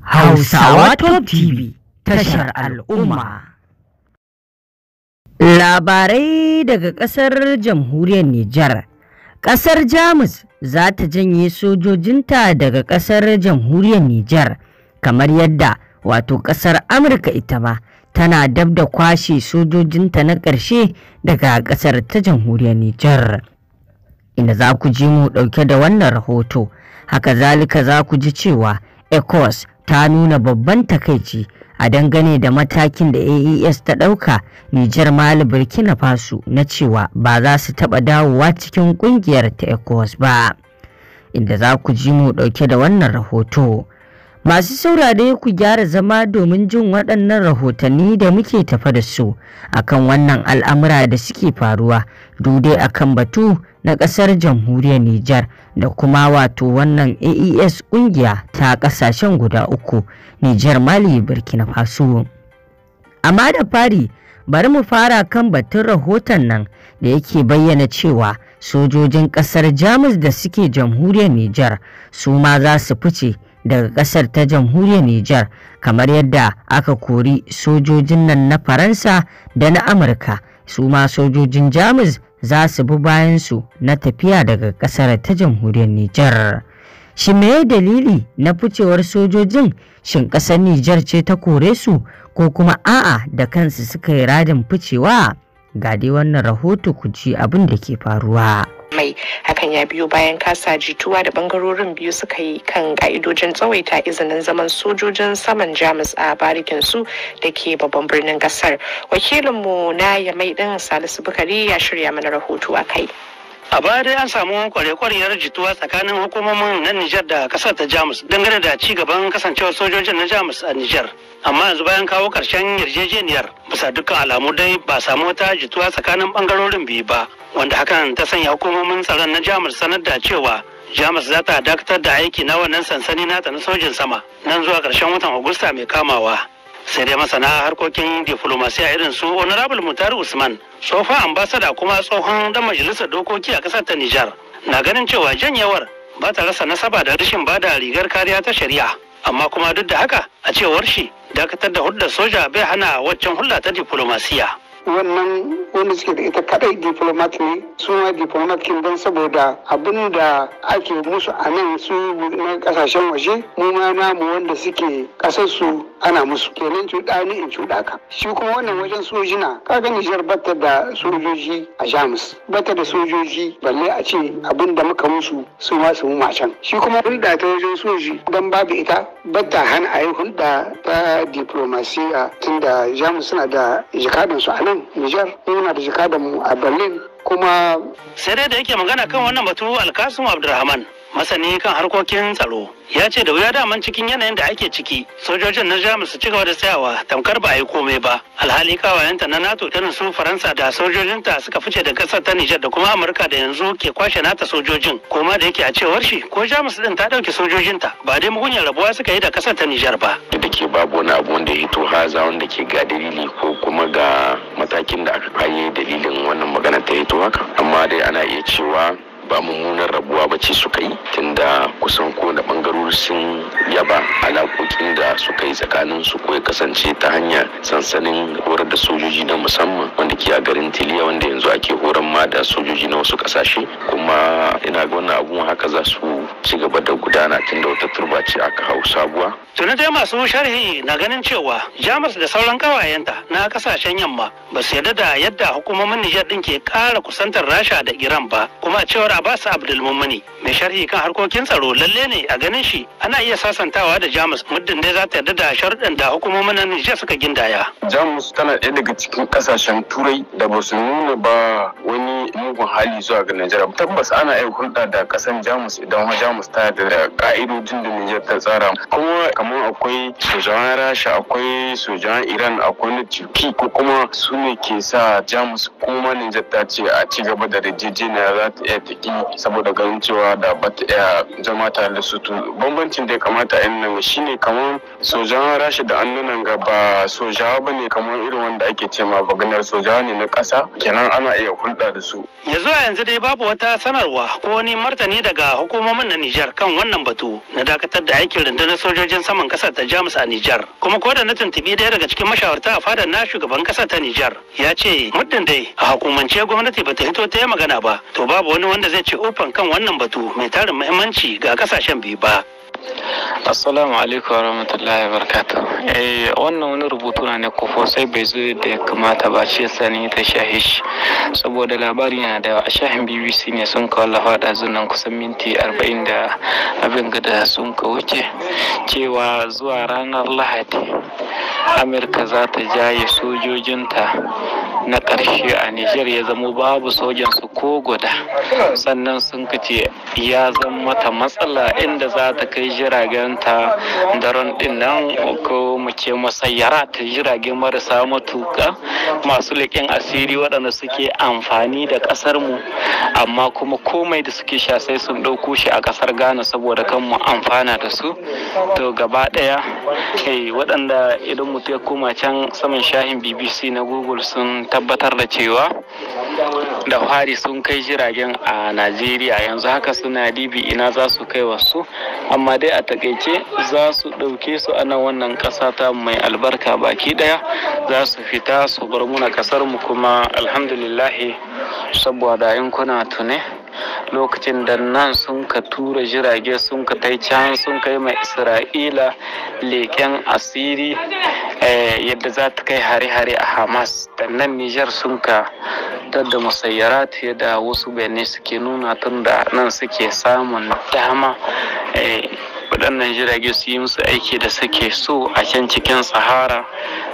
Hausawa Top TV tashar al'umma. Labarai daga ƙasar jamhuriyar Nijar. Ƙasar Jamus za ta janye sojojinta daga ƙasar jamhuriyar Nijar, kamar yadda wato ƙasar Amurka ita ma tana dab da kwashe sojojinta na ƙarshe daga ƙasar ta jamhuriyar Nijar. Ina za ku ji mu ɗauke da wannan rahoto, haka zalika za ku ji cewa Ecos! ta nuna babban takaici a dangane da matakin da AES ta ɗauka Nijar Mali Burkina Faso na cewa ba za su taɓa dawowa cikin ƙungiyar ta ECOWAS ba. Inda za ku ji mu ɗauke da wannan rahoto. Masu saurare ku gyara zama domin jin waɗannan rahotanni da muke tafa da su akan wannan al'amura da suke faruwa a akan batu na ƙasar jamhuriyar Nijar da kuma wato wannan AES ƙungiya ta ƙasashen guda uku Nijar Mali Burkina Faso. Amma da fari bari mu fara kan batun rahoton nan da yake bayyana cewa sojojin ƙasar Jamus da suke jamhuriyar Nijar su ma za su fice. daga ƙasar ta jamhuriyar Nijar kamar yadda aka kori sojojin nan na Faransa da na Amurka su ma sojojin Jamus za su bi bayan su na tafiya daga ƙasar ta jamhuriyar Nijar. Shi meye dalili na ficewar sojojin shin ƙasar Nijar ce ta kore su ko kuma a'a da kansu suka yi radin ficewa? Ga dai wannan rahoto ku ji abin da ke faruwa. mai hakan ya biyo bayan kasa jituwa da bangarorin biyu suka yi kan ka'idojin tsawaita izinin zaman sojojin saman jamus a barikin su da ke babban birnin kasar wakilinmu na ya mai din salisu bukari ya shirya mana rahoto a kai A baya dai an samu kware-kwarewar jituwa tsakanin hukumomin na Nijar da kasar ta Jamus dangane da ci gaban kasancewar sojojin na Jamus a Nijar. Amma yanzu bayan kawo karshen yarjejeniyar bisa dukkan alamu dai ba samu wata jituwa tsakanin bangarorin biyu ba wanda hakan ta sanya hukumomin tsaron na Jamus sanar da cewa Jamus za ta dakatar da aiki na wannan sansani nata na sojin sama nan zuwa ƙarshen watan Agusta mai kamawa. sai dai masana harkokin diflomasiya irin su honorable mutari usman tsofa ambasada kuma tsohon dan majalisar dokoki a kasar ta nijar na ganin cewa janyewar ba ta rasa nasaba da rashin da rigar kariya ta shari'a amma kuma duk da haka a cewar shi dakatar da hulɗar soja bai hana waccan hulɗa ta diflomasiya wannan wanda suke da ita kadai diplomat ne su ma diplomat kin don saboda abin da ake musu a nan su na kasashen waje mu ma namu wanda suke kasar su ana musu kenan cuɗa ni in cuda ka shi kuma wannan wajen sojina kaga Nijar bata da sojoji a Jamus bata da sojoji balle a ce abin da muka musu su ma su mu can shi kuma hulɗa ta wajen soji don babu ita bata hana a yi hulɗa ta diplomasiya tunda Jamus suna da su a nan nan Nijar muna da jakadan mu a Berlin kuma sai dai da yake magana kan wannan batu Alkasum Abdulrahman masani kan harkokin tsaro ya ce da wuya daman cikin yanayin da ake ciki sojojin na jamus su ci gaba da tsayawa tamkar ba a yi komai ba alhali kawayenta na nato ta su faransa da sojojinta suka fice da kasar ta nijar da kuma amurka da yanzu ke kwashe nata sojojin koma da yake a cewar shi ko jamus din ta dauke sojojinta ba dai mugunyar rabuwa suka yi da kasar ta nijar ba da ke babu wani abu wanda ya hito haza wanda ke ga dalili ko kuma ga matakin da aka kayi dalilin wannan magana ta hito haka amma dai ana iya cewa ba mummunan rabuwa ba ce suka yi tunda kusan kowane bangarori sun yaba alaƙoƙin da suka yi tsakanin su ko ya kasance ta hanya sansanin horar da sojoji na musamman wanda ke a garin tiliya wanda yanzu ake horar ma da sojoji na wasu ƙasashe kuma ina ga wannan abun haka za su ci gaba da gudana tun da wata turba ce aka hau sabuwa. Tuni dai masu sharhi na ganin cewa Jamus da sauran kawayenta na kasashen yamma ba su yarda da yadda hukumomin Nijar din ke kara kusantar Rasha da Iran ba kuma cewar Abbas Abdulmumini mai sharhi kan harkokin tsaro lalle ne a ganin shi ana iya sasantawa da Jamus muddin dai za ta yarda da sharuɗan da hukumomin Nijar suka gindaya. Jamus tana ɗaya daga cikin kasashen Turai da ba su nuna ba wani mugun hali zuwa ga Najeriya tabbas ana yin hulɗa da kasan Jamus idan Jamus ta da ƙa'idojin da Nijar ta tsara kuma kamar akwai sojan Rasha akwai sojan Iran akwai na Turki ko kuma su ne ke sa Jamus kuma Nijar ta ce a ci gaba da rijijina za ta iya taki saboda ganin cewa da ba ta iya zama tare da su bambancin da ya kamata yan nan shine kamar sojan Rasha da an nuna ga ba sojawa bane kamar irin wanda ake ce ma sojawa ne na kasa kenan ana iya hulɗa da su ya a yanzu dai babu wata sanarwa ko wani martani daga hukumomin na Nijar kan wannan batu na dakatar da aikin rundunar sojojin saman kasar ta Jamus a Nijar. Kuma ko da na tuntubi daya daga cikin mashawarta a fadar na shugaban kasa ta Nijar ya ce muddin dai a hukumance gwamnati bata hito ta yi magana ba to babu wani wanda zai ce ofan kan wannan batu mai tarin muhimmanci ga kasashen biyu ba. Assalamu alaikum wa rahmatullahi wa barakatuh. Eh wannan wani rubutu na ne kofo sai bai zo da ya kamata ba ce sani ta shahish shi. Saboda labarin yana da a shahin BBC ne sun kawo lafa da zunan kusan minti 40 da abin gada sun ka wuce cewa zuwa ranar Lahadi Amurka za ta jaye sojojinta na ƙarshe a Nijar ya zamo babu sojan su ko guda sannan sun kace ya zama mata matsala inda za ta kai jiragen ta daren din nan ko mu ce masayyara ta jirage marasa matuka masu leƙen asiri waɗanda suke amfani da ƙasar mu amma kuma komai da suke sha sai sun ɗauko shi a ƙasar Ghana saboda kan mu amfana da su to gaba ɗaya waɗanda idan mutum ya koma can saman shahin BBC na Google sun ta tabbatar da cewa da fari sun kai jiragen a najeriya yanzu haka suna dibi ina za su kai wasu amma dai a takaice za su ɗauke su a wannan ƙasa ta mai albarka baki ɗaya za su fita su bar muna ƙasar mu kuma alhamdulillahi saboda in kuna tune lokacin da nan sun ka tura jirage sun ka tai can sun kai mai isra'ila leken asiri Eh, yadda za ta kai hare-hare a hamas da nan nijar sun ka da musayyarat da wasu bayanai suke nuna tun da nan suke samun dama eh, waɗannan jirage su yi musu aiki da suke so a can cikin sahara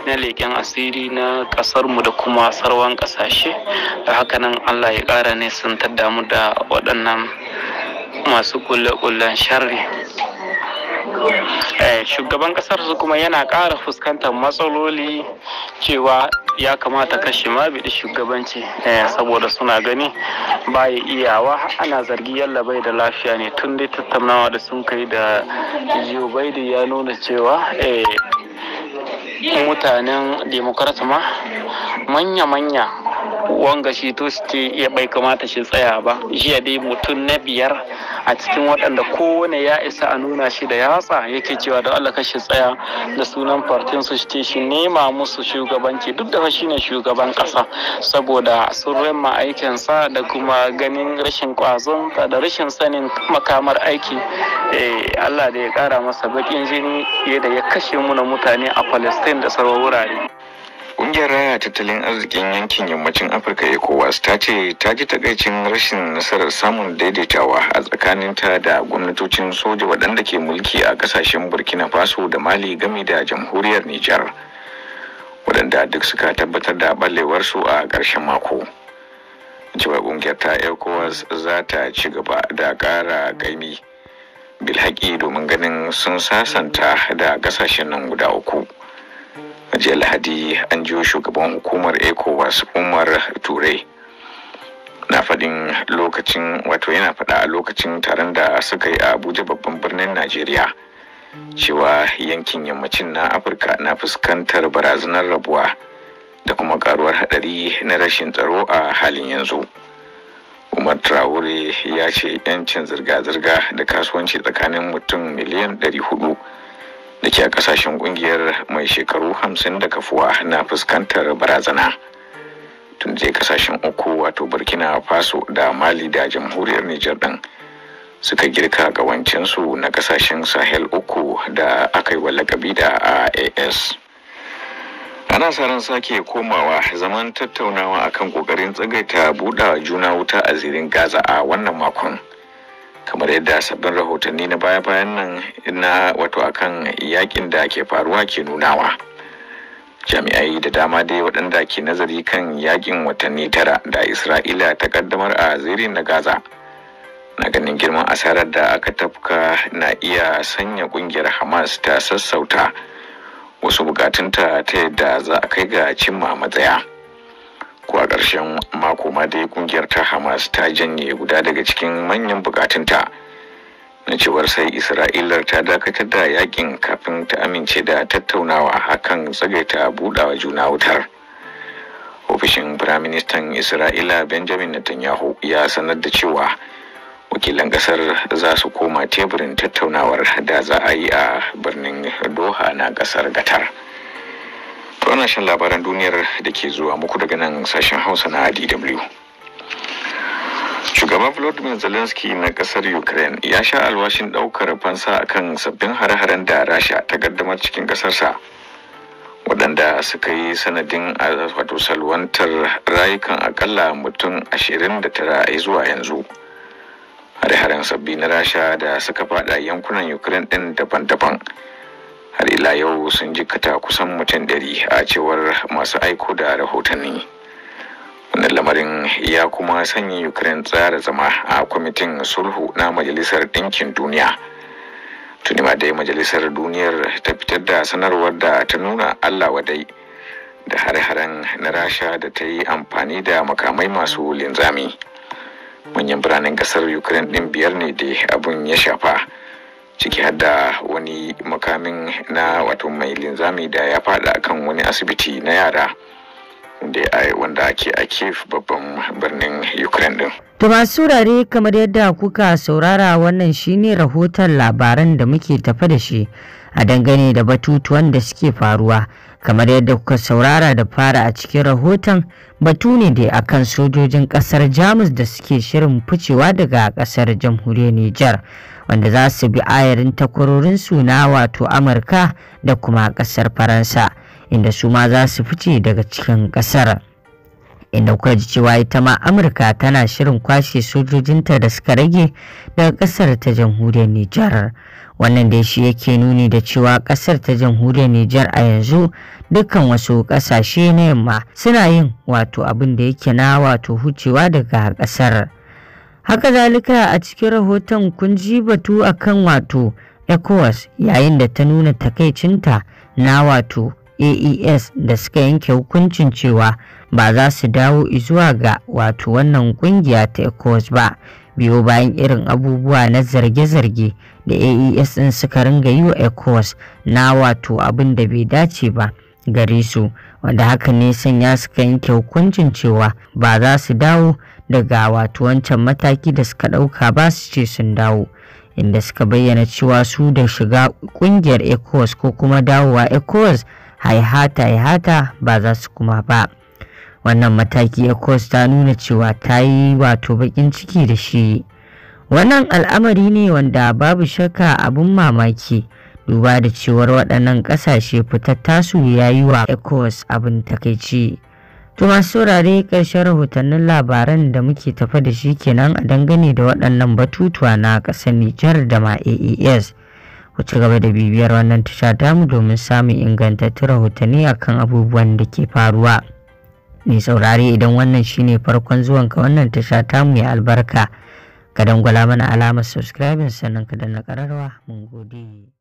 na leƙen asiri na ƙasarmu da kuma sarwan ƙasashe da haka nan allah ya ƙara ne sun ta damu da waɗannan masu kulle-kullen sharri Eh, shugaban kasar su kuma yana ƙara fuskantar matsaloli cewa ya kamata kashe ma biɗi shugabanci eh, saboda suna gani baya iyawa ana zargi yalla bai da lafiya ne tun dai tattaunawa da sun kai da jiyo da ya nuna cewa eh, mutanen demokrat ma manya-manya wanga shi to ya bai kamata shi tsaya ba jiya dai mutum na biyar a cikin waɗanda kowane ya isa a nuna shi da yatsa yake cewa da Allah kashi tsaya da sunan fartin su ce shi nema musu shugabanci duk da shi ne shugaban ƙasa saboda sun rama aikinsa da kuma ganin rashin ƙwazon da rashin sanin makamar aiki eh, Allah da ya ƙara masa baƙin jini da ya kashe muna mutane a Palestine da sauran wurare. Ƙungiyar raya tattalin arzikin yankin yammacin Afirka ECOWAS ta ce ta ji takaicin rashin nasarar samun daidaitawa a tsakaninta da gwamnatocin soja waɗanda ke mulki a ƙasashen Burkina Faso da Mali game da jamhuriyar Nijar. Waɗanda duk suka tabbatar da ɓallewarsu a ƙarshen mako. Cewa ƙungiyar ta ECOWAS za ta ci gaba da ƙara gaimi. bilhaƙi domin ganin sun sasanta da ƙasashen nan guda uku. jiya lahadi an jiyo shugaban hukumar ecowas umar turai na faɗin lokacin wato yana faɗa a lokacin taron da suka yi a abuja babban birnin najeriya cewa yankin yammacin na afirka na fuskantar barazanar rabuwa da kuma karuwar hadari na rashin tsaro a halin yanzu umar traore ya ce yancin zirga-zirga da kasuwanci tsakanin mutum miliyan 400 da ke a kasashen kungiyar mai shekaru hamsin da kafuwa na fuskantar barazana tun je kasashen uku wato burkina faso da mali da jamhuriyar nijar din suka girka gawancinsu na kasashen sahel uku da aka yi wa lakabi da as ana sa ran sake komawa zaman tattaunawa akan kokarin tsagaita buɗa juna wuta a zirin gaza a wannan makon kamar yadda sabbin rahotanni na baya-bayan nan na wato akan yakin da ke faruwa ke nunawa jami'ai da dama dai waɗanda ke nazari kan yakin watanni tara da isra'ila ta kaddamar a zirin na gaza na ganin girman asarar da aka tafka na iya sanya ƙungiyar hamas ta sassauta wasu bukatunta ta yadda za a kai ga cimma matsaya. ko a ƙarshen mako ma dai kungiyar ta hamas ta janye guda daga cikin manyan bukatunta na cewar sai isra'ilar ta dakatar da yakin kafin ta amince da tattaunawa hakan tsagaita budawa juna wutar ofishin firaministan isra'ila benjamin netanyahu ya sanar da cewa wakilan kasar za su koma teburin tattaunawar da za a yi a birnin doha na kasar gatar. ana shan labaran duniyar da ke zuwa muku daga nan sashen hausa na adw Shugaban vladimir Zelensky na kasar Ukraine ya sha alwashin daukar fansa akan sabbin hare-haren da Rasha ta gaddamar cikin kasarsa. waɗanda suka yi sanadin wato salwantar rayukan akalla mutum 29 zuwa yanzu hare-haren sabbi na rasha da suka fada yankunan ukraine ɗin daban-daban har ila yau sun jikata kusan mutum ɗari a cewar masu aiko da rahotanni wannan lamarin ya kuma sanya ukraine tsara zama a kwamitin sulhu na majalisar ɗinkin duniya tuni ma dai majalisar duniyar ta fitar da sanarwar da ta nuna allah wadai da har-haren na rasha da ta yi amfani da makamai masu linzami manyan biranen kasar ukraine ɗin biyar ne da abin ya shafa ciki har da wani makamin na wato mai linzami da ya fada kan wani asibiti na yara wanda ake a kif babban birnin ukraine din to masu rare kamar yadda kuka saurara wannan shine rahoton labaran da muke tafa da shi a dangane da batutuwan da suke faruwa kamar yadda kuka saurara da fara a cikin rahoton batu ne da akan sojojin kasar jamus da suke shirin ficewa daga kasar jamhuriyar nijar wanda za su bi ayarin takwarorin suna wato amurka da kuma kasar faransa inda su ma za su fice daga cikin kasar inda kuka ji cewa ita ma amurka tana shirin kwashe sojojinta da suka rage daga kasar ta jamhuriyar nijar wannan da shi yake nuni da cewa kasar ta jamhuriyar nijar a yanzu dukkan wasu kasashe na yamma suna yin wato abin da yake na wato hucewa daga kasar haka zalika a cikin rahoton kun ji batu akan wato ecowas yayin da ta nuna takaicinta na wato aes da suka yanke hukuncin cewa ba za su dawo zuwa ga wato wannan kungiya ta ecowas ba biyo bayan irin abubuwa na zarge-zarge da aes din suka ringa yi wa ecowas na wato abin da bai dace ba gare su wanda haka ne sanya suka yanke hukuncin cewa ba za su dawo daga wato wancan mataki da suka ɗauka ba su ce sun dawo inda suka bayyana cewa su da shiga kungiyar ecowas ko kuma dawowa ecowas haihata haihata ba za su kuma ba wannan mataki ecowas ta nuna cewa ta yi wato bakin ciki da shi wannan al'amari ne wanda babu shaka abin mamaki duba da cewar waɗannan ƙasashe fitattasu ya yi wa ecowas abin takaici. To masu saurare ƙarshen rahotannin labaran da muke tafa da shi kenan a dangane da waɗannan batutuwa na ƙasar Nijar da ma AES. Ku ci gaba da bibiyar wannan tasha tamu domin samun ingantattun rahotanni akan abubuwan da ke faruwa. Mai saurare idan wannan shine farkon zuwan ka wannan tasha mu ya albarka. Ka dangwala mana alamar subscribing sannan ka danna kararwa? Mun gode.